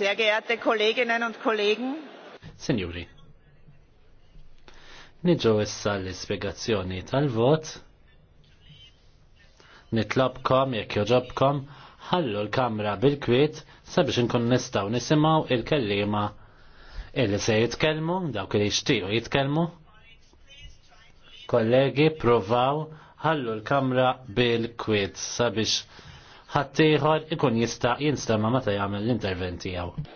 Sehr geehrte Kolleginnen und Kollegen. Signori. Niġu issa l-ispiegazzjoni tal-vot. Nitlobkom jekk joġobkom ħallu l-kamra bil-kwiet sabiex nkun nistgħu nisimgħu il-kellima illi se jitkellmu, dawk li jixtiequ jitkellmu. Kollegi, provaw ħallu l-kamra bil-kwiet sabiex ħaddieħor ikun jista' jinstema' meta jagħmel l-intervent tiegħu.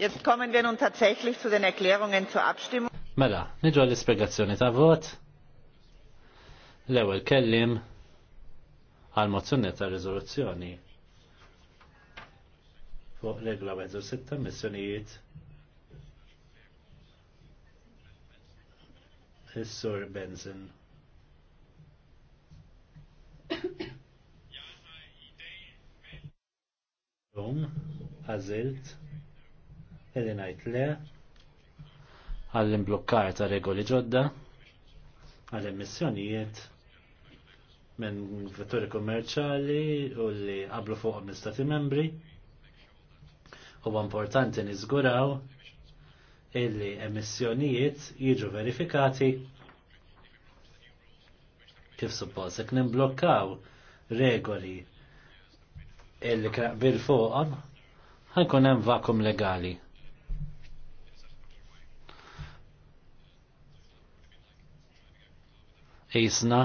Jetzt kommen wir nun tatsächlich zu den Erklärungen zur Abstimmung. Mela, nidġu l-ispiegazzjoni ta' vot. L-ewel kellim għal-mozzjoni ta' rizoluzzjoni fuq regla u sitta missjonijiet Is-Sur Għazilt. Illi najt le. Għall-imblukkar ta' regoli ġodda. Għall-emissjonijiet minn vetturi kummerċali u li qablu fuq mistati membri. U importanti niżguraw illi emissjonijiet jiġu verifikati kif suppost, ek nimblokkaw regoli illi bil fuqhom ħajkun hemm vakum legali. jisna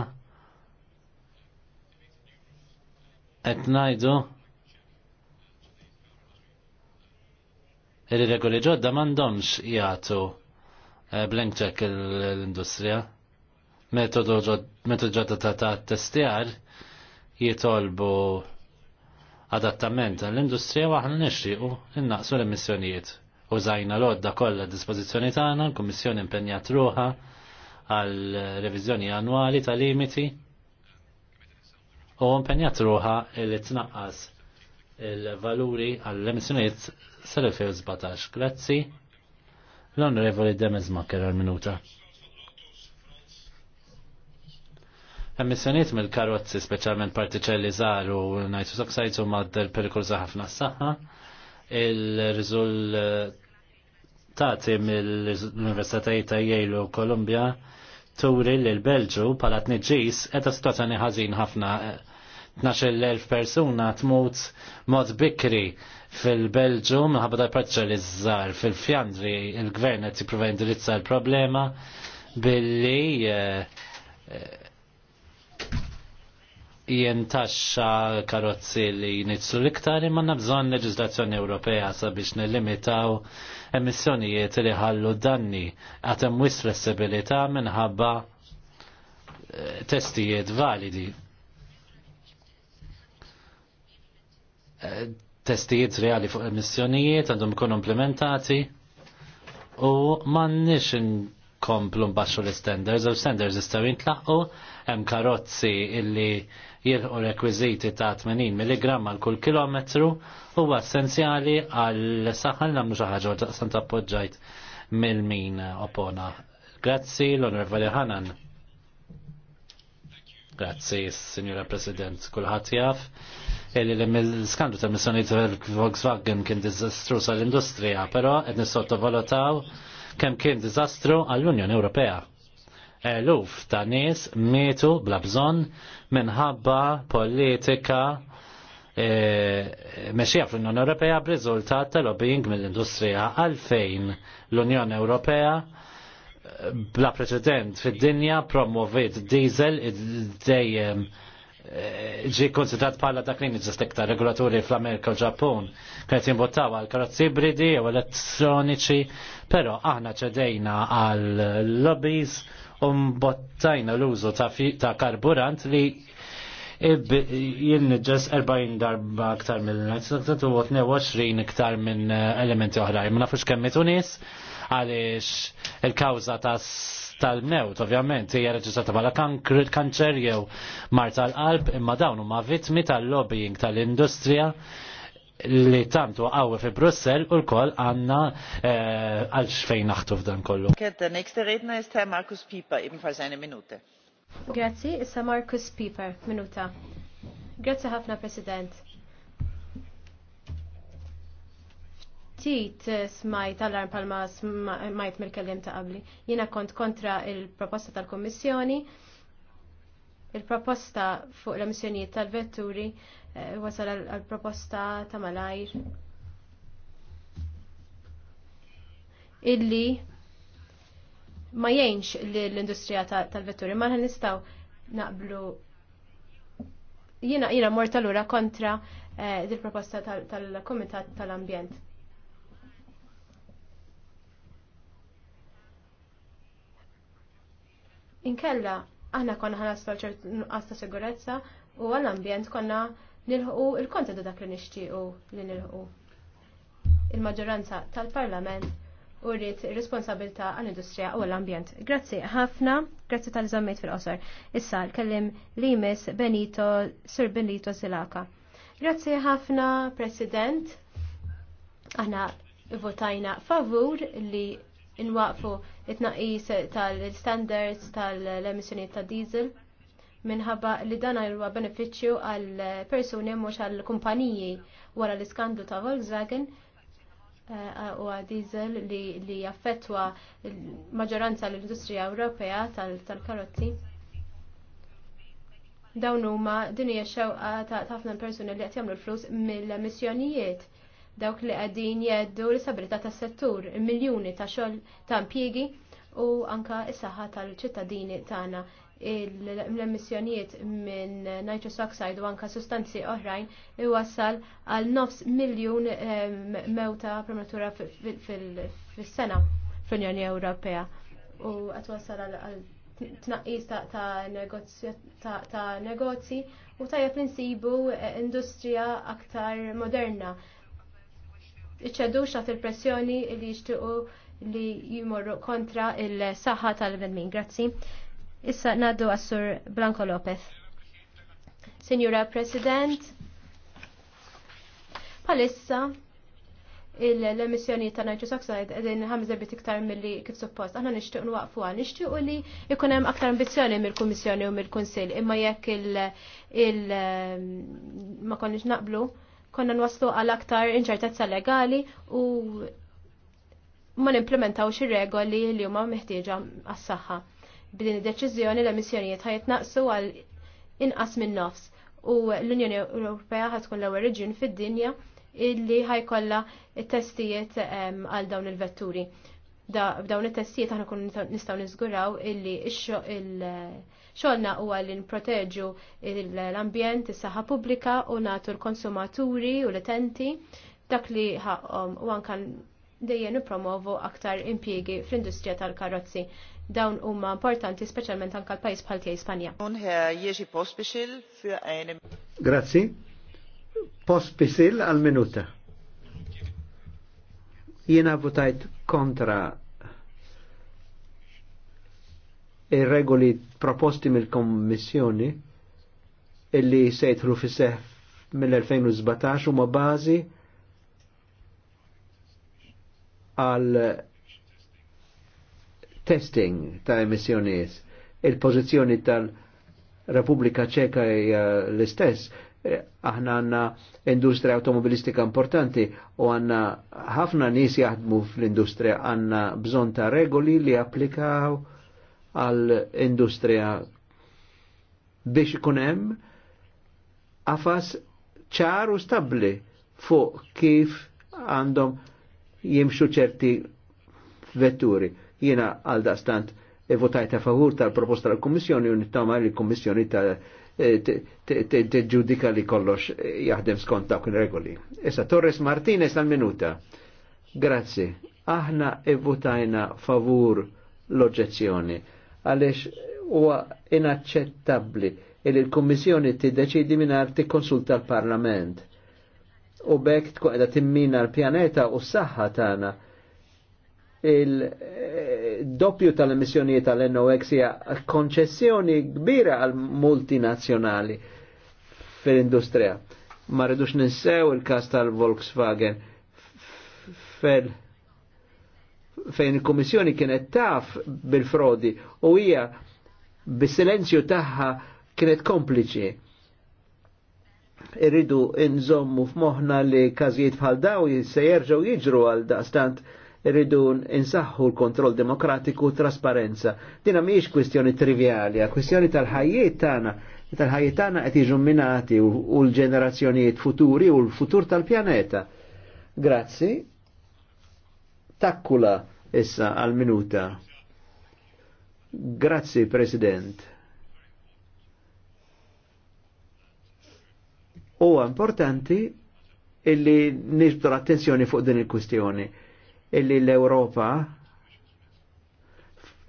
qed ngħidu ir-regoli ġodda m'għandhomx jagħtu eh, blank check l-industrija. Metodu ġodda ta' ta' testjar jitolbu adattament għall-industrija waħna nixtiequ innaqsu l-emissjonijiet. Użajna l-odda kollha dispożizzjoni tagħna, l-Kummissjoni impenjat ruħa għal reviżjoni annwali ta' limiti u impenjat ruħa li tnaqqas il-valuri għall emissjonijiet sal-2017. Grazzi. L-Onorevoli Demez Maker għal-minuta. Emissjoniet mill-karozzi, speċjalment partiċelli żgħar u nitrous oxides huma madder perikoluża ħafna s-saħħa. Il-riżult taħti mill-Universitajiet ta' Yale u Kolumbja turi l-Belġu pala tniġis edha situazzjoni ħażin ħafna 12.000 persuna tmut mod bikri fil-Belġu minħabba da zzar fil-Fjandri il-gvern qed jipprova indirizza l-problema billi eh, eh, Jien taxxa karozzi li nitsu l-iktar imma bżonn leġislazzjoni Ewropea sabiex nillimitaw emissjonijiet li ħallu danni għad hemm wis flessibilità minħabba eh, testijiet validi. Eh, testijiet reali fuq emissjonijiet għandhom ikunu implementati u m'għandniex komplu mbaxxu l-standards, u standards jistaw jintlaqqu, hemm karozzi illi jirħu rekwiziti ta' 80 mg għal kull kilometru huwa essenzjali għal saħħan namlu xi ħaġa daqsan tappoġġajt mill min opona. Grazzi l-Onorevoli Hanan. Grazzi, Signora President, kulħadd jaf mill-skandu ta' missjoni Volkswagen kien dizastrus għall-industrija, però qed nissottovalutaw kemm kien diżastru għall-Unjoni Ewropea eluf ta' nies mietu bla bżonn minħabba politika e, mexija fl-Unjoni Ewropea b'riżultat ta' lobbying mill-industrija għalfejn l-Unjoni Ewropea bla preċedent fid-dinja promovit diesel dejjem ġi konsidrat bħala dak li nġistek ta' regolaturi fl-Amerika u Ġappun. Kienet jimbottaw għal karozzi ibridi u elettroniċi, pero aħna ċedejna għal lobbies umbottajna l-użu ta' ta' karburant li jilnġess 40 darba aktar mill-19 u 22 iktar minn eh, elementi oħrajn. Ma nafux kemmet unis għaliex il-kawza tal-mewt, ovvjament, hija reġistrata bħala kanċer jew mar tal-qalb, imma dawn huma vittmi tal-lobbying tal-industrija li tamtu għawe fi Brussel u l-koll għanna eh, għal xfejn naħtu f'dan kollu. Kedda, next redna jista Markus Pipa, ebenfalls eine Minute. Grazzi, issa Markus Piper, minuta. Grazzi ħafna, President. Ftit eh, smajt għallar palma smajt mill-kellim ta' qabli. Jina kont kontra il-proposta tal-Kommissjoni Il-proposta fuq l-emissjonijiet tal-vetturi eh, wasal għal proposta ta' malajr. Illi ma jgħinx l-industrija tal-vetturi, ma nistaw naqblu jina jina mort tal-ura kontra eh, dil proposta tal-Komitat tal komitat tal ambjent Inkella aħna konna ħana ċert nuqqas ta' sigurezza u għall-ambjent konna nilħu il-konta dak li nixtiequ li nilħu. Il-maġġoranza tal-Parlament u rrit responsabilta għall-industrija u għall ambjent Grazzi ħafna, grazzi tal-żammiet fil-qosor. Issa l-kellim Limes Benito, Sir Benito Silaka. Grazzi ħafna, President. Aħna votajna favur li inwaqfu it-naqis tal-standards tal emissioni ta' diesel minħabba li dan huwa benefiċċju għal persuni mhux għal kumpaniji wara l-iskandlu ta' Volkswagen eh, u diesel li jaffettwa maġġoranza l-industrija Ewropea tal-karozzi. Dawn huma din hija xewqa ta' ħafna persuni li qed jagħmlu l-flus mill-emissjonijiet dawk li għadin jeddu l sabrita tas settur miljuni ta' xogħol ta' impjiegi u anka is-saħħa tal-ċittadini tagħna l-emissjonijiet minn nitrous oxide u anka sustanzi oħrajn iwassal għal nofs miljun mewta prematura fis-sena fl-Unjoni Ewropea u għatwassal għal tnaqqis ta' negozji u tajjeb insibu industrija aktar moderna iċedux għat il-pressjoni li jixtiequ li jimorru kontra il-saħħa tal-bnedmin. Grazzi. Issa naddu għassur Blanco Lopez. Signora President, palissa l-emissjoni ta' nitrous oxide edin ħamż bit iktar mill-li kif suppost. Aħna nixtieq nwaqfu għal, nixtieq li jkun hemm aktar ambizzjoni mill-Kummissjoni u mill-Kunsill, imma jekk il- ma konniex naqblu konna nwaslu għal aktar inċertezza legali u ma nimplementaw ir-regoli li huma meħtieġa għas-saħħa. B'din id-deċiżjoni l-emissjonijiet naqsu għal inqas minn nofs u l-Unjoni Ewropea ħatkun l-ewwel reġjun fid-dinja illi ħajkollha t testijiet ehm, għal dawn il-vetturi b'dawn it-testijiet aħna kun nistgħu niżguraw illi xogħolna huwa li nproteġu l-ambjent, is-saħħa pubblika u nagħtu l-konsumaturi u l-utenti dak li ħaqhom um, u anke dejjem nippromovu aktar impjiegi fl-industrija tal-karozzi. Dawn huma importanti speċjalment anke l-pajjiż bħal tiegħi Spanja. Grazzi. Pospisil għal minuta. Jiena votajt kontra ir-regoli proposti mill-Kommissjoni illi se jidħlu fis mill-2017 huma bażi għal testing ta' emissjonijiet. Il-pożizzjoni tal-Repubblika Ċeka hija l-istess. Eh, aħna għandna industrija automobilistika importanti u għandna ħafna nies jaħdmu fl-industrija għandna bżonn ta' regoli li applikaw għall-industrija biex ikun hemm qafas ċar u fuq kif għandhom jimxu ċerti vetturi. Jiena għal daqstant votajta favur tal-proposta tal-Kummissjoni u nittama li l-Kummissjoni eh, ġudika li kollox eh, jaħdem skont dawk regoli. Issa Torres Martinez tal-minuta. Grazzi. Aħna votajna favur l-oġezzjoni għaliex huwa inaċċettabbli li l-Kummissjoni tiddeċidi mingħajr tikkonsulta l-Parlament. U bekk tkun qiegħda timmina l-pjaneta u s-saħħa tagħna il-doppju eh, tal-emissjonijiet tal-NOx hija konċessjoni kbira għal multinazzjonali fil-industrija. Ma rridux ninsew il-kas tal-Volkswagen fel fejn il-Komissjoni kienet taf bil-frodi u hija bis-silenzju tagħha kienet kompliċi. Irridu nżommu f'moħħna li każijiet bħal daw se jerġgħu jiġru għal daqstant irridu insaħħu l-kontroll demokratiku u trasparenza. Dina mhijiex kwistjoni trivjali, kwistjoni tal-ħajjiet tagħna tal-ħajjiet tagħna qed jiġu minati u l-ġenerazzjonijiet futuri u l-futur tal-pjaneta. Grazzi. Takkula issa għal-minuta. Grazzi, President. O importanti illi nixbdu l-attenzjoni fuq din il-kustjoni illi l-Europa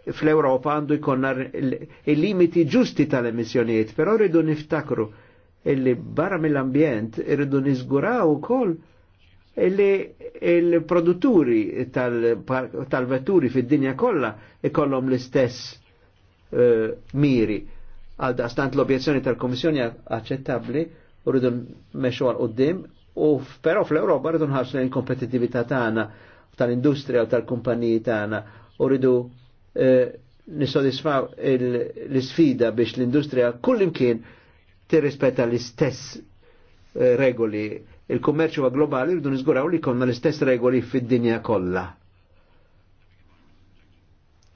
fl-Europa għandu il-limiti ġusti tal-emissjonijiet, però rridu niftakru illi barra mill-ambjent rridu nizguraw ukoll koll li il-produtturi tal-vetturi tal vetturi fid dinja kollha ikollhom l-istess uh, miri. Għal stant l-objezzjoni tal-Komissjoni aċċettabbli u rridu meċu għal qoddim, u però fl europa rridu nħarsu l-kompetitività tagħna tal-industrija u tal-kumpaniji tagħna u rridu eh, nisodisfaw l-sfida biex l-industrija kullimkien tirrispetta l-istess eh, regoli il-kummerċ għa globali rridu niżguraw li konna l-istess regoli fid-dinja kollha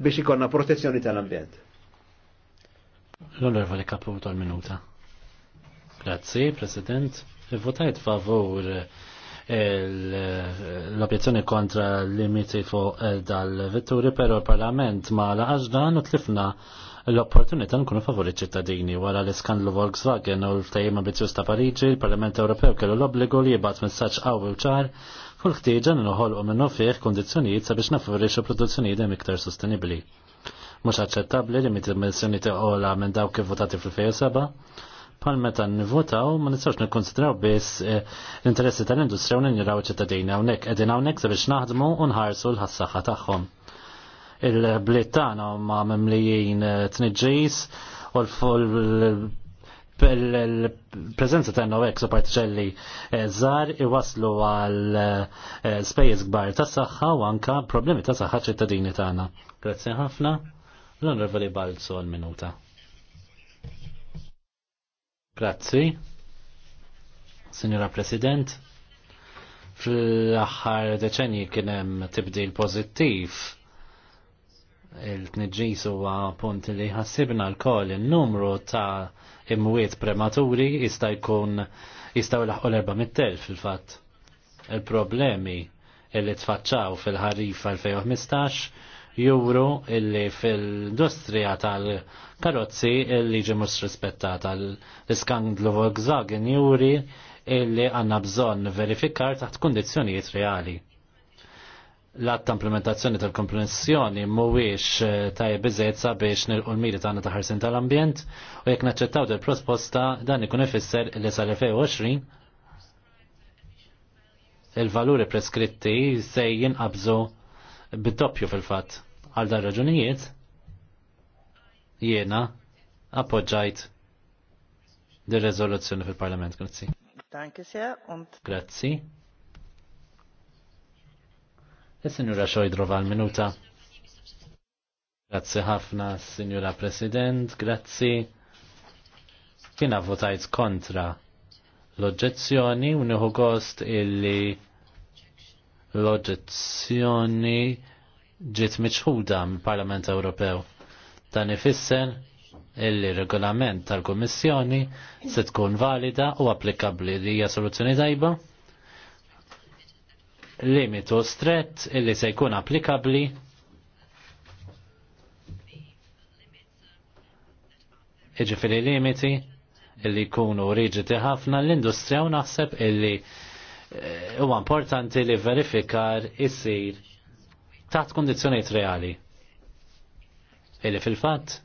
biex ikonna protezzjoni tal-ambjent. L-onorevoli kapu tal-minuta. Grazzi, President. Votajt favur eh, l-objezzjoni kontra l-limiti fuq eh, dal-vetturi, pero l-Parlament ma laħġdan dan u tlifna l-opportunità nkunu favori ċittadini wara l-iskandlu Volkswagen u l-ftajim ambizjuż ta' Pariġi, il-Parlament Ewropew kellu l-obbligu li jibgħat messaġġ qawwi u ċar fuq ħtieġa nħolqu minnu fih kundizzjonijiet sabiex nafavorixxu produzzjonijiet hemm iktar sostenibbli. Mhux aċċettabbli li mit-dimensjoni ola minn dawk kif votati fil-2007 pal meta nivvotaw ma nistgħux nikkonsidraw biss eh, l-interessi tal-industrija u ninjuraw ċittadini hawnhekk qegħdin hawnhekk sabiex naħdmu u nħarsu l-ħassaħħa tagħhom il blittana tagħna ma memlijin eh, tniġġis u l prezenza ta' Novex u partiċelli zar eh, iwaslu għal eh, spejjeż gbar ta' saħħa u anka problemi ta' saħħa ċittadini tagħna. Grazzi ħafna. L-Onorevoli Balzu għal minuta. Grazzi. Signora President, fl-aħħar deċenji kien hemm tibdil pożittiv il-tniġġis huwa punt li ħassibna l-koll il-numru ta' imwiet prematuri jista' jkun jistgħu laħqu l mittel fil-fatt. Il-problemi illi tfaċċaw fil-ħarif 2015 juru illi fil-industrija tal-karozzi illi ġi mhux rispettata l-iskandlu Volkswagen juri illi għandna bżonn verifikar taħt kundizzjonijiet reali l-att ta' implementazzjoni tal komprensjoni mhuwiex eh, tajjeb biżejjed sabiex nilqu l-miri tagħna ta' ħarsin tal-ambjent u jekk naċċettaw del prosposta dan ikun ifisser li sal-2020 il-valuri preskritti se jinqabżu bid-doppju fil-fatt. Għal dar raġunijiet jiena appoġġajt dir-reżoluzzjoni fil-Parlament. Grazzi. Grazzi. Il-Sinjura Xojdrova minuta Grazzi ħafna, Sinjura President, grazzi. Kina votajt kontra l-oġġezzjoni uniħu gost illi l-oġġezzjoni ġiet miċħuda mill-Parlament Ewropew. Dan ifisser illi regolament tal-Kummissjoni se tkun valida u applikabbli li hija soluzzjoni tajba limitu strett illi se jkun applikabli iġifiri limiti illi jkunu riġiti ħafna l-industrija u naħseb illi eh, huwa importanti li verifikar issir taħt kondizjoniet reali illi fil-fatt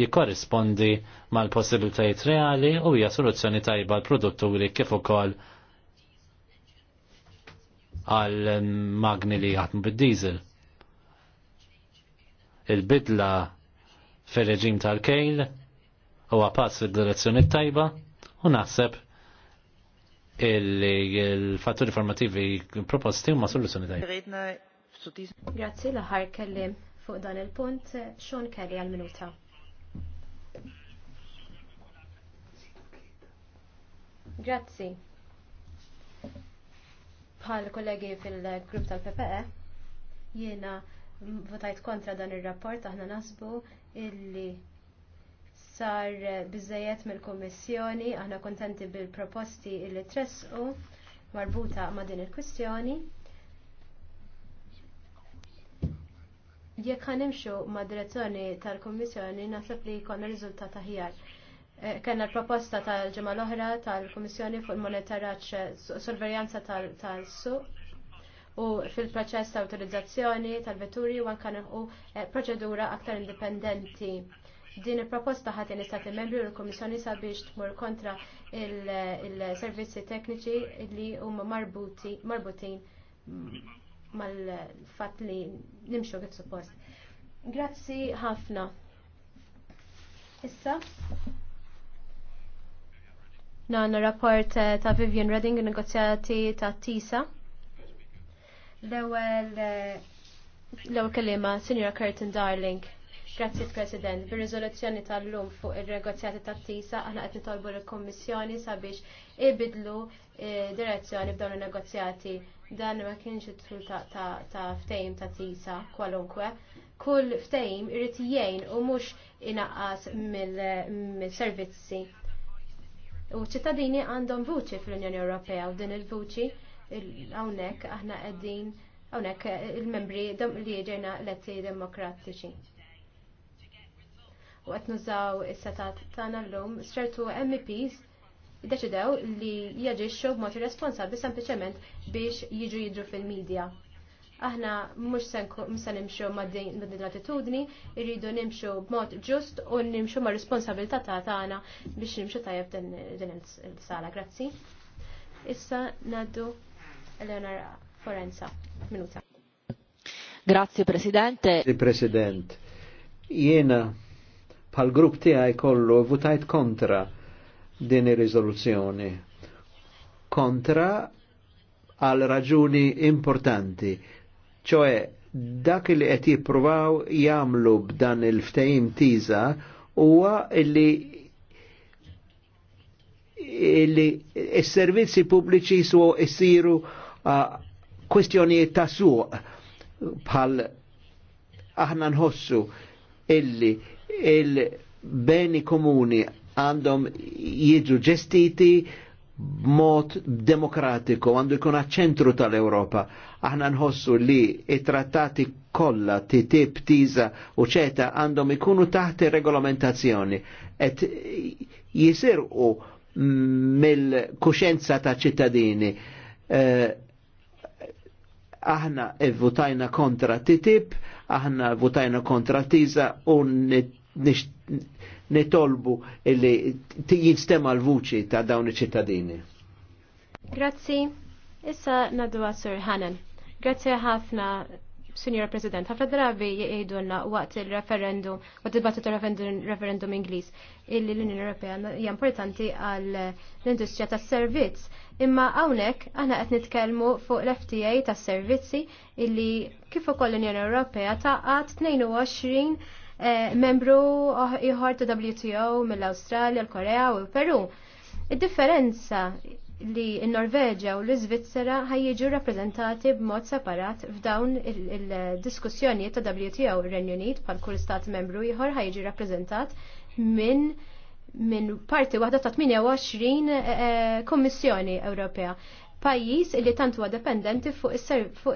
jikorrispondi mal-possibilitajiet reali u hija soluzzjoni tajba l-produtturi kif ukoll għal magni li jaħdmu bid-diesel. Il-bidla fil-reġim tal-kejl huwa pass fil-direzzjoni tajba u naħseb il-fatturi formativi proposti huma soluzzjoni tajba. Grazzi l-ħar kellim fuq dan il-punt Xon Kelly għal-minuta. Grazzi bħal kollegi fil-grupp tal-PPE, jiena votajt kontra dan ir-rapport aħna nasbu illi sar biżejjed mill-Kummissjoni, aħna kontenti bil-proposti illi tresqu marbuta ma' din il-kwistjoni. Jekk ħanimxu ma' direzzjoni tal-Kummissjoni, naħseb li jkollna riżultat aħjar. Eh, kena l-proposta tal-ġemma l-oħra tal-Komissjoni fuq il-monitoraċ eh, sorveljanza tal-suq u fil-proċess ta' autorizzazzjoni tal-vetturi u anka u eh, proċedura aktar indipendenti. Din il-proposta ħat istati membri u l-Komissjoni sabiex tmur kontra il-servizzi tekniċi li huma marbutin mal-fat li nimxu għit suppost. Grazzi ħafna. Issa, Nana rapport eh, ta' Vivian Redding negozjati ta' TISA. L-ewel eh, l-ewel kelima, Signora Curtin Darling. Grazzi President, bir-riżoluzzjoni tal-lum fuq ir-negozjati tat-tisa aħna qed nitolbu l-Kommissjoni sabiex ibidlu eh, direzzjoni b'dawn in-negozjati. Dan ma kienx it-tul ta' ftejm ta' tisa kwalunkwe. Kull ftejm irid jgħin u mhux inaqqas mill-servizzi U ċittadini għandhom vuċi fl-Unjoni Ewropea u din il-vuċi hawnhekk aħna għeddin hawnhekk eh, il-membri li ġejna letti demokratiċi. U qed nużaw is-setat tagħna llum sertu MEPs deċidew li jaġixxu b'mod irresponsabbli sempliċement biex jiġu jidru fil-medja aħna mhux se nimxu ma' din l-attitudni, irridu nimxu b'mod ġust u nimxu ma' ta' tagħna biex nimxu tajjeb din il-sala. Grazzi. Issa naddu Eleonora Forenza. Minuta. Grazie Presidente. President, jiena bħal grupp tiegħi kollu votajt kontra din ir-riżoluzzjoni. Kontra għal raġuni importanti ċoħe dak li qed jippruvaw jagħmlu b'dan il-ftehim tiża huwa li li s-servizzi pubbliċi su jsiru kwestjonijiet ta' suq bħal aħna nħossu illi il-beni komuni għandhom jiġu ġestiti b'mod demokratiku għandu jkun ċentru tal-Europa. Aħna nħossu li it-trattati kollha titib tiża u ċeta għandhom ikunu taħt regolamentazzjoni et jisirqu mill-kuxenza ta' ċittadini. Eh, aħna votajna kontra titib, aħna votajna kontra tiża u nitolbu illi jinstema l-vuċi ta' dawn ċittadini Grazzi, issa naddu għasur Hanan. Grazzi ħafna, Signor President, ħafna drabi jgħidulna waqt il-referendum, waqt il-battitu referendum Ingliż, illi l-Unjoni Ewropea hija importanti għal l-industrija tas-servizz. Imma hawnhekk aħna qed nitkellmu fuq l-FTA tas-servizzi illi kif ukoll l-Unjoni Ewropea taqgħat 22 Eh, membru ieħor ta' WTO mill-Awstralja, l-Korea u l Peru. Id-differenza li n-Norveġa u l-Iżvizzera ħajjiġu rappreżentati b'mod separat f'dawn il-diskussjonijiet ta' WTO ir-Renju Unit bħal kull stat membru ieħor ħajjiġi rappresentat minn minn parti waħda ta' 28 eh, eh, Kommissjoni Ewropea pajjiż li tant huwa dependenti fuq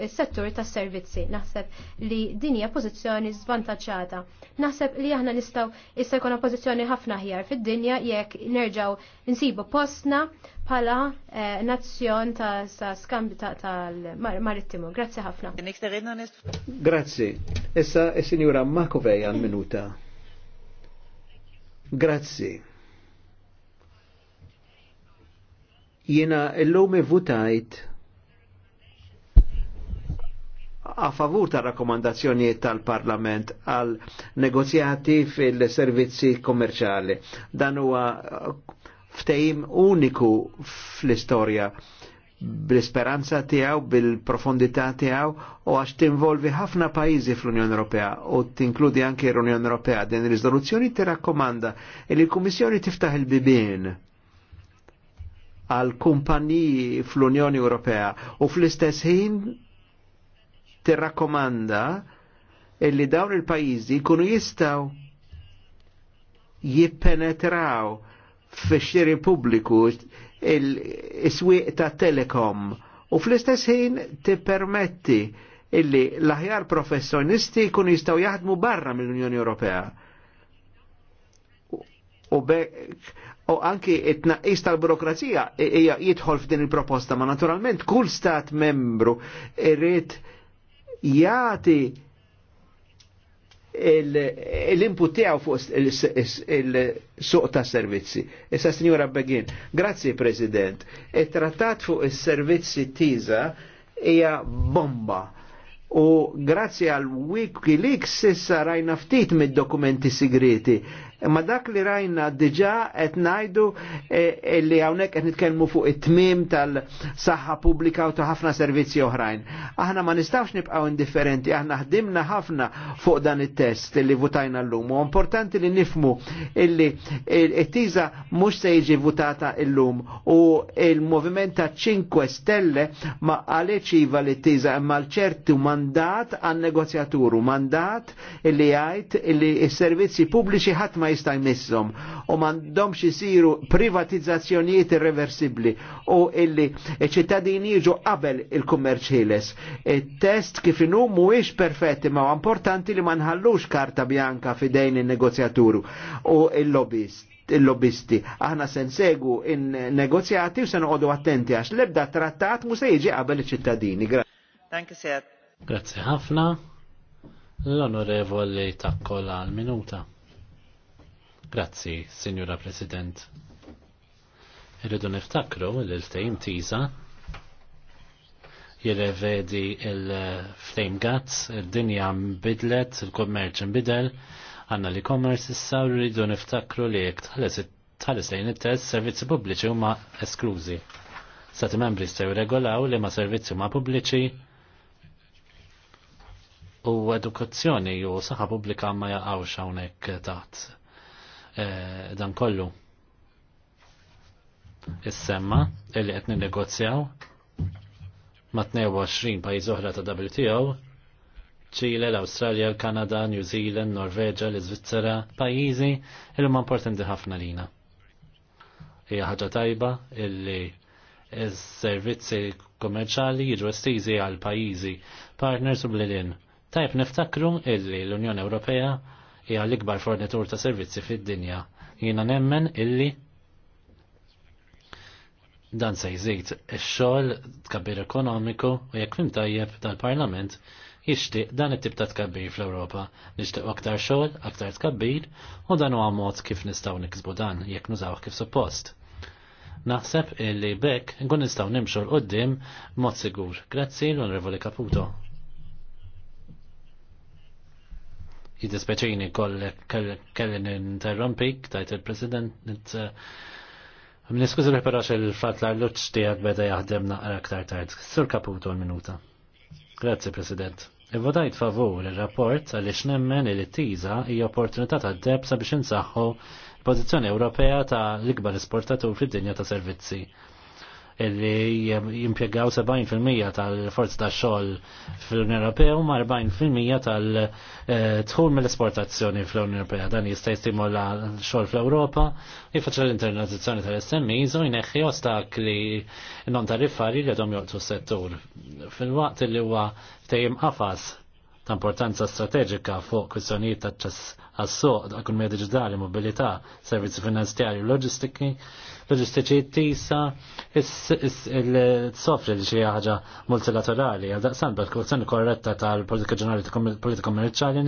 is-settur tas-servizzi. Naħseb li din hija pożizzjoni żvantaġġata. Naħseb li aħna nistgħu issa jkollna pożizzjoni ħafna ħjar fid-dinja jekk nerġgħu nsibu postna bħala eh, nazzjon ta' skambju tal-marittimu. Grazzi ħafna. Grazzi. Issa is-Sinjura e Makovej għal minuta. Grazzi. Jena l-lum votajt a favur ta' rakkomandazzjonijiet tal-Parlament għal negozjati fil-servizzi kommerċali. Dan huwa ftehim uniku fl-istorja bl-isperanza tiegħu, bil-profondità tiegħu u għax tinvolvi ħafna pajjiżi fl-Unjoni Ewropea u tinkludi anke l-Unjoni Ewropea. Din ir-riżoluzzjoni tirakkomanda li l-Kummissjoni tiftaħ il-bibien għal kumpaniji fl-Unjoni Ewropea u fl-istess ħin tirrakkomanda illi dawn il-pajjiżi jkunu jistgħu jippenetraw fix-xiri pubbliku il-swieq ta' telekom u fl-istess ħin tippermetti illi l-aħjar professjonisti jkunu jistgħu jaħdmu barra mill-Unjoni Ewropea u u anki it-naqis tal-burokrazija hija jidħol f'din il-proposta, ma naturalment kull stat membru irrid jati l-input tiegħu fuq il-suq ta' servizzi. Issa Sinjura Begin, grazzi President, it-trattat fuq is-servizzi tiża hija bomba. U grazzi għal Wikileaks issa rajna ftit mid-dokumenti segreti Imma dak li rajna diġa qed ngħidu e, e, li hawnhekk qed nitkellmu fuq it-tmim tal-saħħa pubblika u ta' ħafna servizzi oħrajn. Aħna ma nistgħux nibqgħu indifferenti, aħna ħdimna ħafna fuq dan it-test li votajna llum. U importanti li nifmu illi it-tiża mhux se jiġi votata llum u il-moviment ta' 5 Stelle ma għaliex iva li t-tiża imma l-ċertu mandat għan negozjaturu, mandat illi jgħid illi s-servizzi pubbliċi ħadd ma jista' jmissom u m'għandhomx isiru privatizzazzjonijiet irreversibbli u illi ċittadini jiġu qabel il-kummerċ ħieles. Il-test kif inhu mhuwiex perfetti ma importanti li ma nħallux karta bjanka fidejn in-negozjaturu u il lobbist il-lobbisti. Aħna se nsegu in-negozjati u se noqogħdu attenti għax l-ebda trattat mu se jiġi qabel iċ-ċittadini. Danke Grazie ħafna. L-onorevoli takkola għal minuta. Grazzi, Signora President. Irridu niftakru l-iltejm tisa jirrevedi il-flame guts, il-dinja mbidlet, il-kommerċ mbidel, għanna li commerce issa u rridu niftakru li tħalis lejn it-test servizzi pubbliċi huma esklużi. Stati membri stew regolaw li ma servizzi huma pubbliċi u edukazzjoni u saħħa pubblika ma jaqgħux hawnhekk taħt Eh, dan kollu. Is-semma illi qed negozjaw ma' 22 pajjiż oħra ta' WTO ċile, l-Awstralja, l-Kanada, New Zealand, Norveġa, l-Iżvizzera, pajjiżi li huma importanti ħafna lina. Hija ħaġa tajba illi s-servizzi kommerċali jiġu estiżi għal pajjiżi partners u blilin. Tajb niftakru illi l-Unjoni Ewropea hija l-ikbar fornitur ta' servizzi fid-dinja. Jiena nemmen illi dan se jżid ix-xogħol tkabbir ekonomiku u jekk fim tajjeb tal-Parlament jixtieq dan it-tip ta' tkabbir fl-Ewropa. Nixtieq aktar xogħol, aktar tkabbir u dan huwa mod kif nistgħu niksbu dan jekk nużaw kif suppost. Naħseb illi bekk nkun nistgħu nimxu l-qudiem mod sigur. Grazzi l-Onorevoli Caputo. Jidispeċini kollek kellin interrompik, tajt il-President, Niskużi eh, riparax il-fat la l-luċ tijak beda jahdem naqra aktar tard. Sur kaputu l-minuta. Grazie, President. Ivvodajt favur il-rapport għalix nemmen il t-tiza hija opportunità ta' deb sabiex insaħħu pozizjoni Ewropea ta' l-ikbar esportatur fid-dinja ta' servizzi li jimpiegaw 70% tal-forz ta' xogħol fl-Unjoni Ewropea u 40% tal-tħul eh, mill-esportazzjoni fl-Unjoni Ewropea. Dan jista' jistimola xogħol fl-Ewropa, jifaċċa l-internazzazzjoni tal-SMEs u jneħħi ostakli non tariffari li għadhom joqtu s-settur. Fil-waqt li huwa tejjem qafas ta' importanza strateġika fuq kwistjonijiet ta' ċess għas-soq, ekonomija digitali, mobilità, servizzi finanzjari u loġistiki, loġistiċi tisa il-sofri li xi ħaġa multilaterali għal daqsan bil-kwestjoni korretta tal-politika ġenerali politika kommerċjali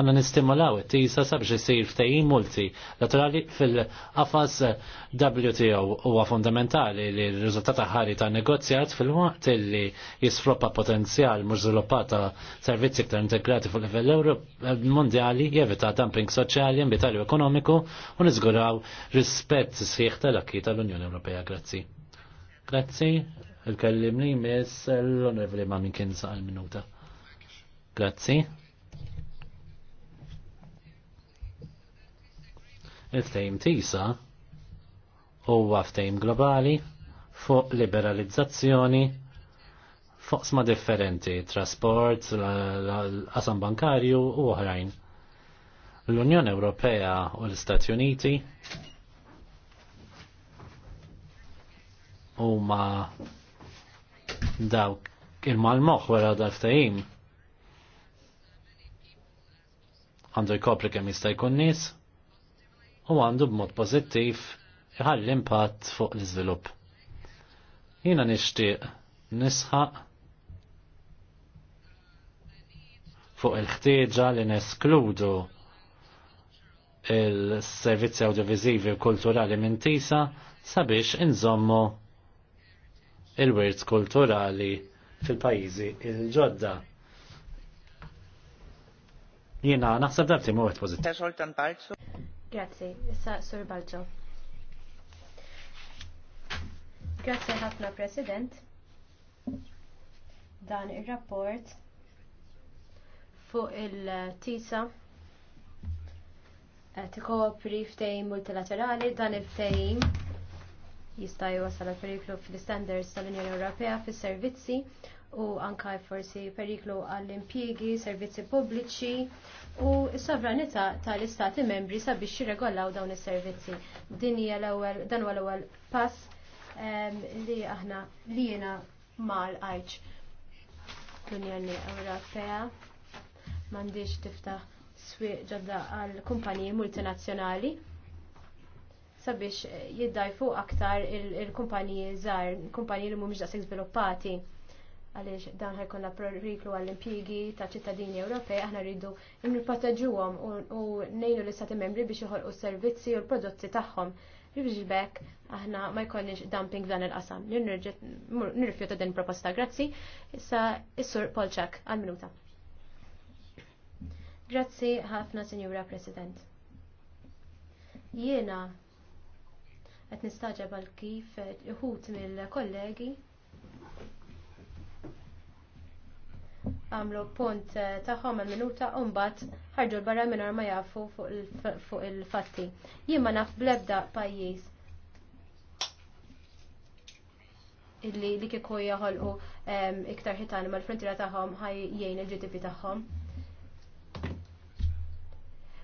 għanna nistimulaw it-tisa sabiex isir ftehim multilaterali fil afas WTO huwa fundamentali li r-riżultat ħari ta' negozjat fil-waqt li jisfroppa potenzjal mhux żviluppata servizzi iktar integrati fuq livell mondjali jevita dumping soċjali, ambitali u ekonomiku u niżguraw rispett sieħ tal-akki tal-Unjoni Ewropea. Grazzi. Grazzi, il-kellimni miss l-Onorevoli Mamin kien għal minuta. Grazzi. Il-tejm tisa huwa ftejm globali fuq liberalizzazzjoni fuq sma differenti, trasport, l-qasam bankarju u oħrajn. L-Unjoni Ewropea u l-Istati Uniti huma dawk il-mal-moħ wara dal-ftajim. Għandu jkopri kemm jista' jkun nies u għandu b'mod pożittiv iħalli impatt fuq l-iżvilupp. Jiena nixtieq nisħaq fuq il-ħtieġa li neskludu il-servizzi audiovisivi u kulturali minn tisa sabiex inżommu il-wirt kulturali fil-pajizi il-ġodda. Jena, naħseb dabti muħet pozittiv. Grazie, issa Sur Balzo. Grazie ħafna President. Dan ir-rapport fuq il-tisa eh, koopri ftehim multilaterali dan il-ftehim jista' jwassal periklu fil-standards tal-Unjoni Ewropea fis-servizzi u anka forsi periklu għall-impjiegi, servizzi pubbliċi u s-sovranità tal-istati membri sabiex jirregolaw dawn is-servizzi. Din hija l-ewwel dan huwa l-ewwel pass ehm, li aħna li jiena mal-għajċ l-Unjoni Ewropea m'għandix tiftaħ swieq ġodda għal kumpaniji multinazzjonali sabiex jiddaj fuq aktar il-kumpaniji żgħar, kumpaniji li mhumiex daqshekk żviluppati għaliex dan ħajkonna riklu għall-impjigi ta' ċittadini Ewropej, aħna rridu nipproteġuhom u nejnu l-istati membri biex joħolqu s-servizzi u l-prodotti tagħhom. Ribx bekk, aħna ma jkollniex dumping dan il-qasam. Nirrifjuta din proposta, grazzi. Issa is-sur Polċak għal-minuta. Grazzi ħafna, Signora President. Jiena qed nistaġeb għal kif iħut mill-kollegi għamlu punt tagħhom il-minuta u mbagħad ħarġu l-barra mingħajr ma jafu fuq il-fatti. Jien ma naf bl-ebda pajjiż illi li kieku jaħolqu ehm, iktar ħitani mal frontira tagħhom ħaj jgħin il-GDP tagħhom.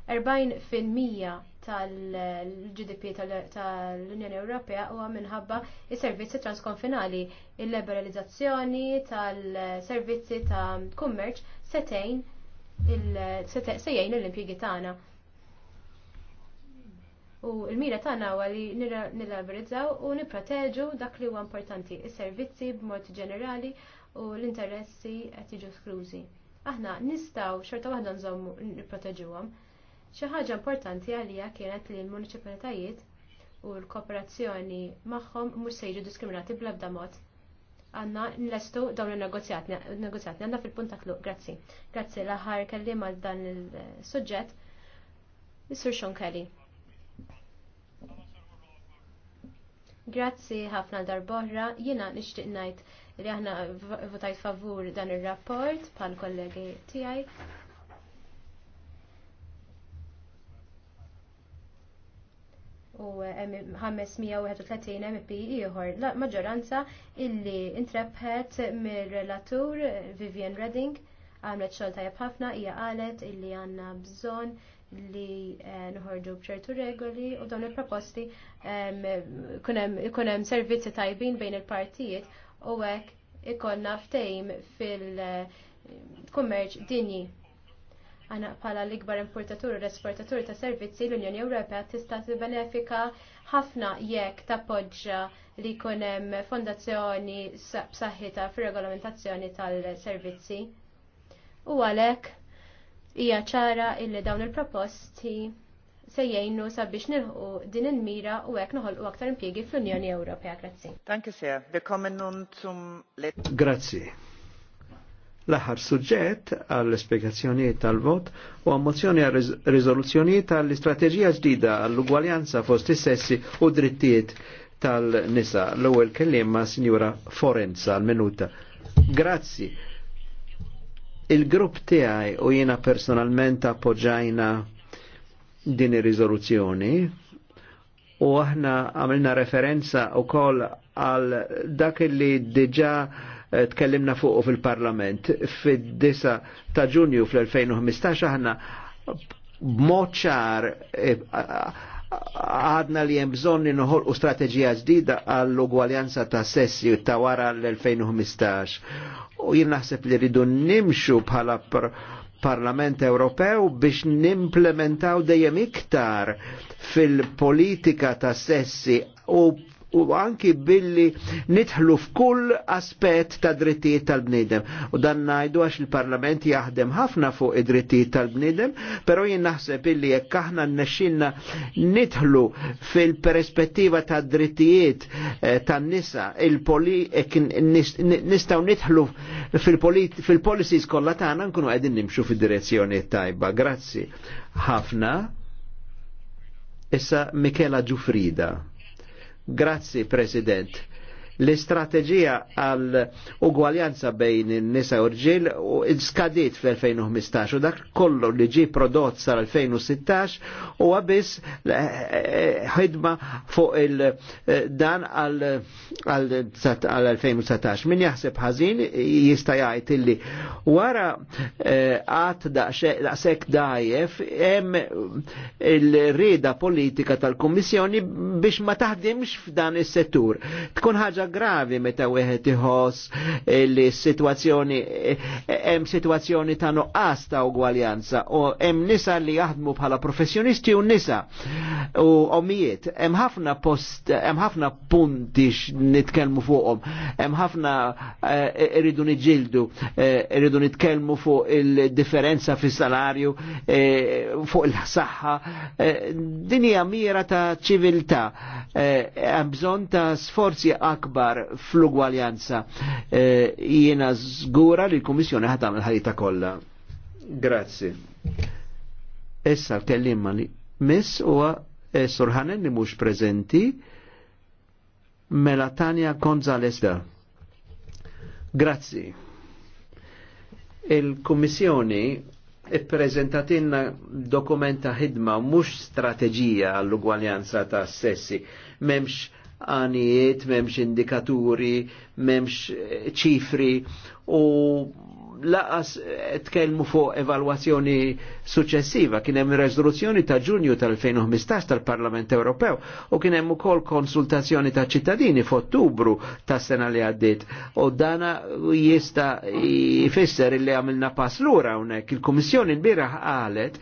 40 mija tal-GDP tal-Unjoni Ewropea huwa minħabba is-servizzi transkonfinali, il-liberalizzazzjoni tal-servizzi ta' kummerċ setejn sejjejn l-impjegi tagħna. U l-mira tagħna huwa li nilabrizzaw u nipproteġu dak li huwa importanti, is-servizzi b'mod ġenerali u l-interessi qed jiġu sklużi. Aħna nistgħu xorta waħda nżommu nipproteġuhom. Xi ħaġa importanti għalija kienet li l-municipalitajiet u l-kooperazzjoni magħhom mhux se jiġu diskriminati bl-ebda mod. Għanna nlestu dawn il-negozjati għanna fil-punt ta' tluq, grazzi. Grazzi l-aħħar kelli ma' dan il-suġġett. Mr. Sean Kelly. Grazzi ħafna darbohra, jiena nixtieq ngħid li aħna votajt favur dan ir-rapport bħal kollegi tiegħi u 531 MP ieħor maġġoranza illi intrepħet mir-relatur eh, Vivian Redding għamlet xogħol tajjeb ħafna hija qalet illi għandna bżonn li eh, nħorġu bċertu regoli u dawn il-proposti ehm, kunem servizzi tajbin bejn il-partijiet u għek ikonna ftejm fil-kummerċ eh, dinji. Għana bħala l-ikbar importatur u esportatur ta' servizzi l-Unjoni Ewropea tista' tibbenefika ħafna jekk tappoġġa li jkun hemm fondazzjoni b'saħħitha fir-regolamentazzjoni tal-servizzi. U għalhekk hija ċara illi dawn il-proposti se jgħinu sabiex nilħu din il-mira u hekk u aktar impjiegi fl-Unjoni Ewropea. Grazzi. Danke sehr. Wir kommen nun zum Grazzi. L-aħħar suġġett għall spiegazzjonijiet tal-vot u mozzjoni għal riżoluzzjonijiet tal-istrateġija ġdida għall-ugwaljanza fost is-sessi u drittijiet tal-nisa. L-ewwel kelliem ma' Sinjura Forenza l-minuta. Grazzi. Il-grupp tiegħi u jiena personalment appoġġajna din ir-riżoluzzjoni u aħna għamilna referenza u koll għal dak li diġa Eh, tkellimna fuq fil-Parlament. fid disa ta' Ġunju fl-2015 aħna b'mod ċar eh, għadna li hemm bżonn inħolqu strateġija ġdida għall-ugwaljanza ta' sessi ta' wara l-2015. U jien naħseb li rridu nimxu bħala Parlament Ewropew biex nimplementaw dejjem iktar fil-politika ta' sessi u u anki billi nitħlu f'kull aspett ta' drittijiet tal-bnidem. U dan najdu għax il-Parlament jaħdem ħafna fuq id-drittijiet tal-bnidem, pero jien naħseb illi jekk aħna nnexxilna nitħlu fil-perspettiva ta' drittijiet eh, tan-nisa, eh, nistgħu nitħlu fil-policies kollha tagħna nkunu qegħdin nimxu fid-direzzjoni tajba. Grazzi ħafna. Issa Michela Ġufrida. Grazzi, President. L-istrateġija għal ugwaljanza bejn in-nisa u rġil u skadit fl-2015 u dak kollu li ġi prodott sal-2016 u għabis eh, eh, ħidma fuq il-dan eh, għal-2019. Min jaħseb ħażin jista' jgħid illi wara għat daqsek dajef hemm il reda politika tal-Kummissjoni biex ma taħdimx f'dan is-settur. Tkun ħagġa gravi meta wieħed iħoss li situazzjoni e, hemm situazzjoni ta' nuqqas ta' ugwaljanza u hemm nisa li jaħdmu bħala professjonisti u nisa u omijiet hemm ħafna post hemm ħafna punti nitkellmu fuqhom hemm ħafna e, e, irridu niġildu irridu nitkellmu fuq il-differenza fis-salarju fuq il-saħħa din hija mira ta' ċiviltà hemm bżonn ta' sforzi akbar ikbar fl-ugwaljanza. E, jiena żgura li l komissjoni ħad tagħmel ħarita kollha. Grazzi. Issa l ma li miss huwa e, Surħanen li mhux preżenti Melatania Gonzales da. Grazzi. Il-Kummissjoni ippreżentatinna dokumenta ħidma mhux strateġija għall-ugwaljanza ta' sessi, memx għanijiet, memx indikaturi, memx eh, ċifri u laqas tkellmu fuq evalwazzjoni suċessiva. Kien hemm rezoluzzjoni ta' Ġunju tal-2015 tal-Parlament Ewropew u kien hemm ukoll konsultazzjoni ta' ċittadini f'Ottubru ta' sena li għaddiet. U dana jista' jfisser li għamilna pass lura hawnhekk. Il-Kummissjoni l-bieraħ qalet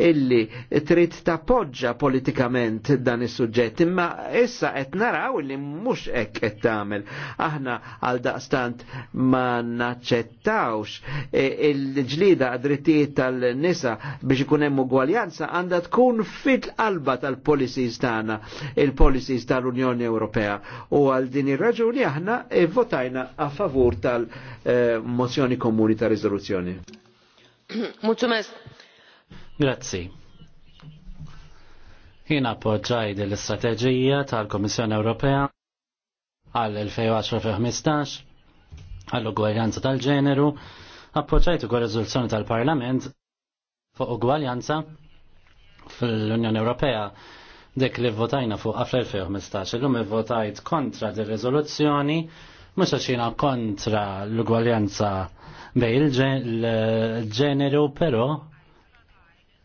illi trid tappoġġa politikament dan is-suġġett, imma issa qed naraw illi mhux hekk qed tagħmel. Aħna għal daqstant ma naċċettawx e, il-ġlida drittijiet tal-nisa biex ikun hemm ugwaljanza għandha tkun fil-qalba tal-policies tagħna, il-policies tal-Unjoni Ewropea. U għal din ir-raġuni aħna votajna a favur tal-mozzjoni e, komuni ta' riżoluzzjoni. Mulțumesc. Grazzi. Jien appoġġaj l istrateġija tal-Komissjoni Ewropea għall 2010-2015 għall ugwaljanza tal-ġeneru, appoġġajt ukoll riżoluzzjoni tal-Parlament fuq ugwaljanza fl-Unjoni Ewropea dik li votajna fuq fl-2015. Illum votajt kontra di riżoluzzjoni mhux għax kontra l-ugwaljanza bej il-ġeneru, però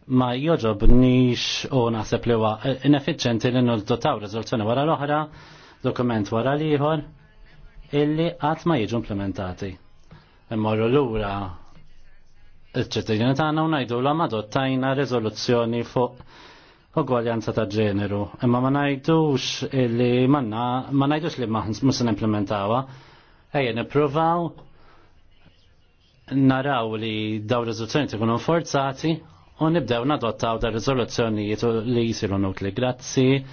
ma nix u naħseb li huwa ineffiċenti li nuldotaw riżoluzzjoni wara l-oħra, dokument wara l-ieħor, illi qatt ma jiġu implementati. Immorru lura il ċittadini tagħna u ngħidu l adottajna riżoluzzjoni fuq ugwaljanza ta' ġeneru. Imma ma ngħidux illi manna ma ngħidux li ma se nimplementawha. Ejja nippruvaw naraw li daw riżoluzzjoni tkunu forzati u nibdew nadottaw da rizoluzzjonijiet li jisiru nutli. Grazzi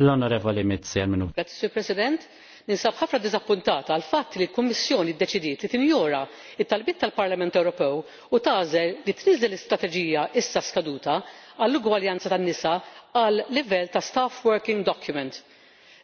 l-Onorevoli Mizzi għal minu. Grazzi, Sir President. Ninsab ħafna dizappuntata għal fatt li l-Kummissjoni ddeċidiet li tinjora it-talbiet tal-Parlament Ewropew u tażel li tniżel l-istrateġija issa skaduta għall-ugwaljanza tan-nisa għal livell ta' staff working document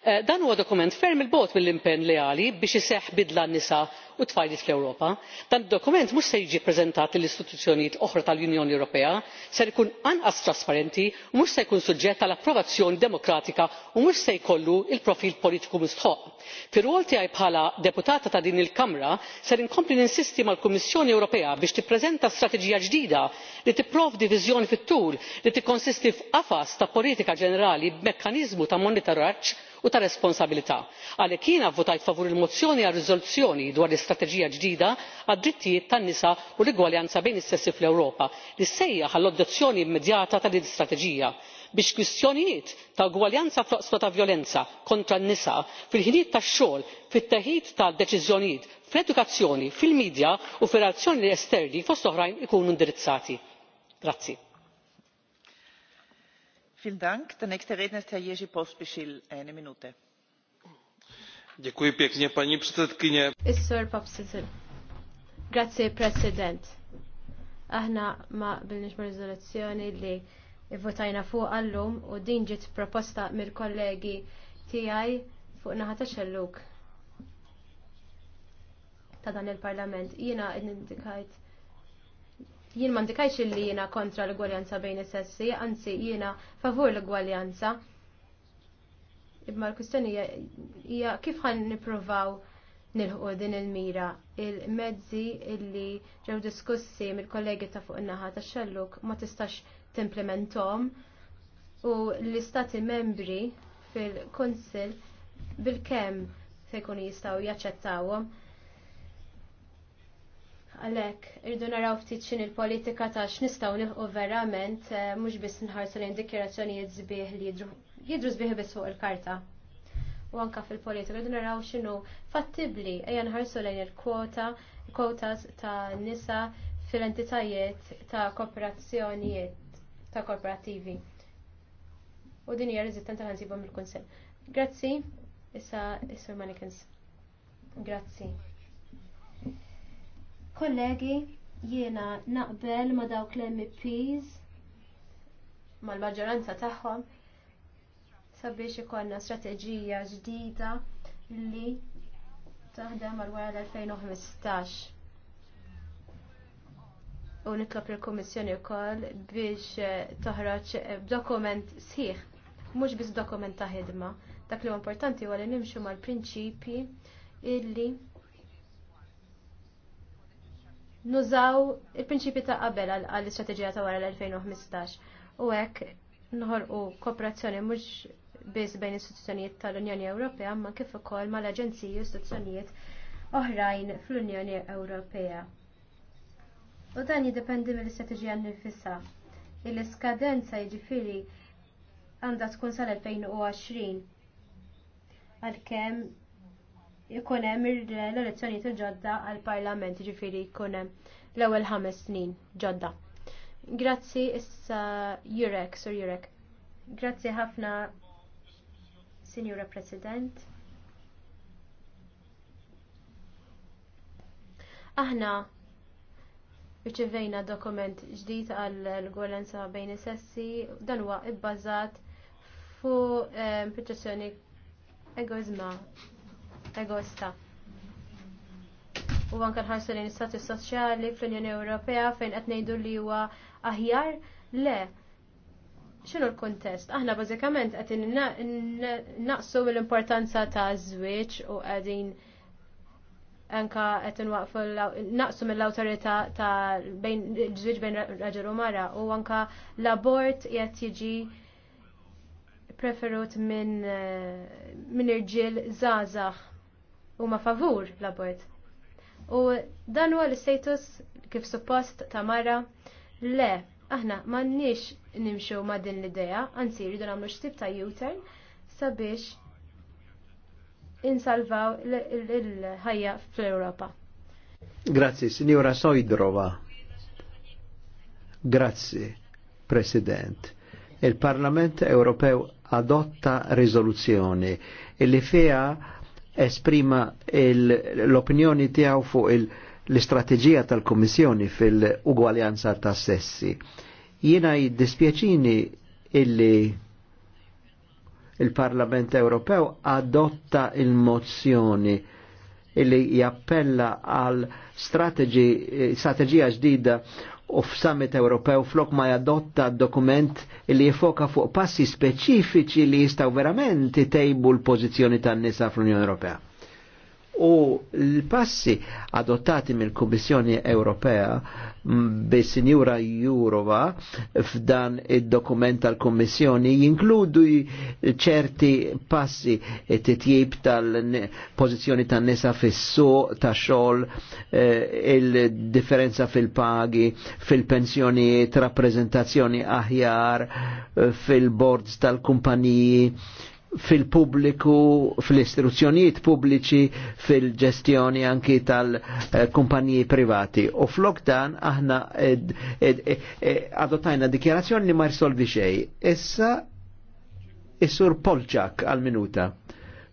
Eh, dan huwa dokument ferm il bogħod mill-impenn leali biex iseħħ bidla għan nisa u tfajliet fl ewropa. dan id-dokument mhux se jiġi ppreżentat lill istituzzjonijiet oħra tal unjoni ewropea ser ikun anqas trasparenti u mhux se jkun suġġett għal approvazzjoni demokratika u mhux se jkollu l profil politiku mistħoq. fi rwol tiegħi bħala deputata ta' din il-kamra ser inkompli ninsisti mal-kummissjoni ewropea biex tippreżenta strateġija ġdida li tipprovdi viżjoni fit-tul li tikkonsisti f'qafas ta' politika ġenerali b'mekkaniżmu ta' monitoraġġ u ta' responsabbiltà għalhekk jiena vvutajt favur il mozzjoni għal riżoluzzjoni dwar istrateġija ġdida għad drittijiet tan nisa u l-igwaljanza bejn is sessi fl ewropa li ssejjaħ għall adozzjoni immedjata ta' din l-istrateġija biex kwistjonijiet ta' ugwaljanza fl-oqsma ta' vjolenza kontra n nisa fil ħinijiet tax xogħol fit teħid ta' deċiżjonijiet fl edukazzjoni fil midja u fir relazzjoni esterni fost oħrajn ikunu indirizzati paní předsedkyně grazie president aħna ma bilniex ma' riżoluzzjoni li votajna fuq għallum u din ġiet proposta mill-kollegi tiegħi fuq naħat ta' xelluk ta' dan il-parlament. Jiena indikajt jien mandikajx illi jiena kontra l-gwaljanza bejn is-sessi, anzi jiena favur l-gwaljanza. Imma l-kustjoni hija kif ħan nippruvaw nilħu din il-mira, il-mezzi illi ġew diskussi mill-kollegi ta' fuq in-naħa ta' xelluk ma tistax timplementom u l-istati membri fil-Kunsil bil-kemm se jkunu jistgħu jaċċettawhom Għalek, irdu naraw ftit xin il-politika ta' x'nistgħu nieħu verament eh, mhux biss nħarsu lejn dikjerazzjonijiet żbieħ li jidru żbieħ biss fuq il-karta. U anka fil-politika irdu naraw x'inhu fattibbli ejja nħarsu lejn il-kwota, kwotas ta' nisa fil-entitajiet ta' kooperazzjonijiet ta' korporattivi. U din hija riżistenta ħansibhom il-Kunsell. Grazzi, issa is-Sir Manikins. Grazzi. Kollegi, jiena naqbel ma dawk l-MPs mal-maġġoranza tagħhom sabiex ikollna strateġija ġdida li taħdem għal wara l-2015. U nitlob il-Kummissjoni wkoll biex eh, toħroġ b'dokument eh, sħiħ, mhux biss dokument ta' ħidma. Dak li importanti huwa li nimxu mal-prinċipji illi nużaw il-prinċipi ta' qabel għall-istrateġija ta' wara l-2015 u hekk noħolqu kooperazzjoni mhux biss bejn istituzzjonijiet tal-Unjoni Ewropea ma kif ukoll mal-aġenziji u istituzzjonijiet oħrajn fl-Unjoni Ewropea. U dan jiddependi mill-istrateġija nifissa. Il-skadenza jiġifieri għandha tkun sal-2020 għalkemm Ikun hemm l-elezzjonijiet il-ġodda għall parlament ġifieri jkun hemm l-ewwel ħames snin ġodda. Grazzi issa Jurek, Sur Jurek. Grazzi ħafna Sinjura President. Aħna riċevejna dokument ġdid għall-gwalenza bejn is-sessi, dan huwa ibbażat fuq eh, egoizma egoista. U anke nħarsu l-inistati soċjali fl-Unjoni Ewropea fejn qed ngħidu li huwa aħjar le. X'inhu l-kuntest? Aħna bażikament qed naqsu l-importanza ta' żwieġ u għedin anka qed inwaqfu naqsu mill-awtorità ta' bejn żwieġ bejn raġel u mara u anka l-abort qed jiġi preferut minn min irġiel zazax ma favur l-abort. U dan huwa l-istatus kif suppost ta' mara le aħna m'għandniex nimxu ma' din l-idea, anzi rridu nagħmlu x'tib ta' U-turn sabiex insalvaw l ħajja fl-Ewropa. Grazzi, Signora Sojdrova. Grazzi, President. Il-Parlament Ewropew adotta riżoluzzjoni illi feja esprima l-opinjoni tiegħu fuq l-istrateġija tal kummissjoni fil-ugwaljanza ta' sessi. Jiena jiddispjaċini illi il-Parlament Ewropew adotta il-mozzjoni illi jappella għal strateġija ġdida u f'Summit Ewropew flok ma jadotta dokument li jifoka fuq passi speċifiċi li jistaw verament tejbu l-pozizjoni tan-nisa fl-Unjoni Ewropea u l-passi adottati mill kommissjoni Ewropea bis-Sinjura Jurova f'dan id-dokument tal kommissjoni jinkludu ċerti passi titjib tal pozizjoni tan-nisa fis-suq ta' xogħol eh, il-differenza fil-pagi, fil-pensjonijiet, rappresentazzjoni aħjar eh, fil-boards tal-kumpaniji fil-pubbliku, fil-istruzzjonijiet pubbliċi, fil-ġestjoni anki tal-kumpaniji privati. U flok dan aħna adottajna dikjarazzjoni li ma jrisolvi xej. Issa, Is-sur Polċak għal-minuta.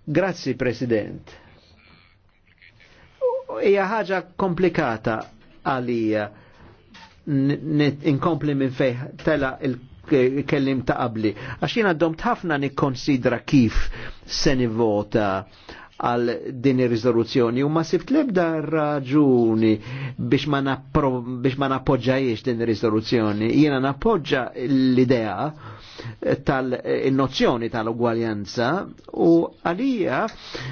Grazzi, President. Ija ħaġa komplikata għalija inkompli minn fejn tela il kellim ta' qabli. Għax għaddom ħafna nikkonsidra kif se nivota għal din ir-riżoluzzjoni u ma sibt lebda raġuni biex ma nappoġġajiex din ir-riżoluzzjoni. Jiena nappoġġa l-idea tal-nozzjoni tal-ugwaljanza u għalija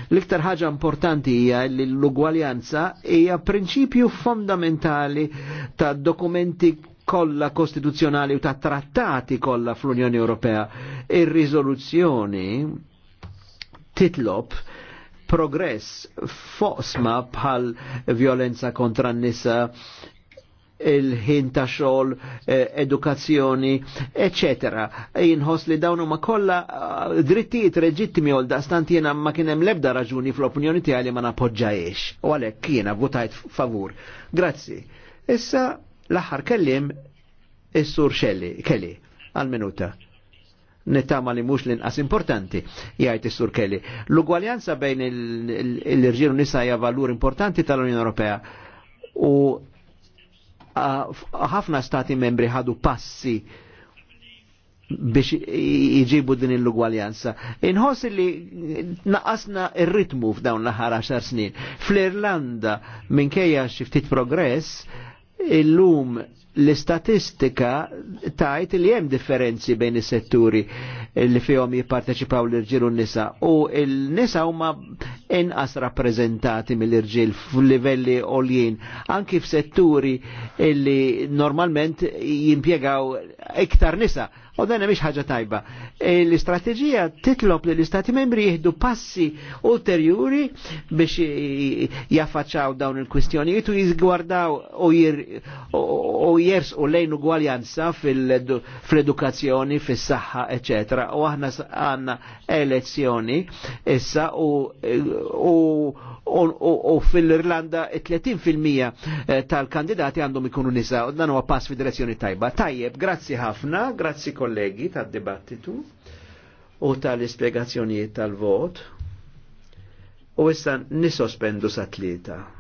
l-iktar ħaġa importanti hija li l-ugwaljanza hija prinċipju fondamentali ta' dokumenti kollha kostituzzjonali u ta' trattati kollha fl-Unjoni Ewropea. Ir-riżoluzzjoni titlob progress fosma bħal violenza kontra n-nisa il-ħin ta' xogħol, eh, edukazzjoni, eċetera. Jinħoss li dawn huma kollha eh, drittijiet reġittimi għol daqstant jiena ma kien hemm l-ebda raġuni fl-opinjoni tiegħi li ma napoġġajiex. U għalhekk jiena votajt favur. Grazzi. Issa L-aħħar kellim is-sur Kelly għal-minuta nittama li mux l-inqas importanti, jgħajt is-sur Kelly. L-ugwaljanza bejn l-irġiel nisa hija valur importanti tal-Unjoni Ewropea u ħafna stati membri ħadu passi biex iġibu din l-ugwaljanza. Inħoss li naqasna ir-ritmu f'dawn l-ħar 10 snin. Fl-Irlanda minkejja xi ftit progress, illum l-istatistika tajt li hemm differenzi bejn is-setturi li fihom jipparteċipaw l-irġiel u nisa u l-nisa huma inqas rappreżentati mill-irġiel f'livelli għoljien anki f'setturi li normalment jimpjegaw iktar nisa U dan mhix ħaġa tajba. E, l-istrateġija titlob li l-Istati membri jieħdu passi ulterjuri biex jaffaċċaw dawn il-kwistjonijiet u jiżgwardaw u u lejn ugwaljanza fl edukazzjoni fis-saħħa, eċetera. U aħna għandna elezzjoni issa u fil-Irlanda 30% eh, tal-kandidati għandhom ikunu nisa u dan huwa pass fid-direzzjoni tajba. Tajjeb, grazzi ħafna, grazzi kollha kollegi tad-dibattitu u tal-ispjegazzjonijiet tal-vot u issa nisospendu sa tlieta.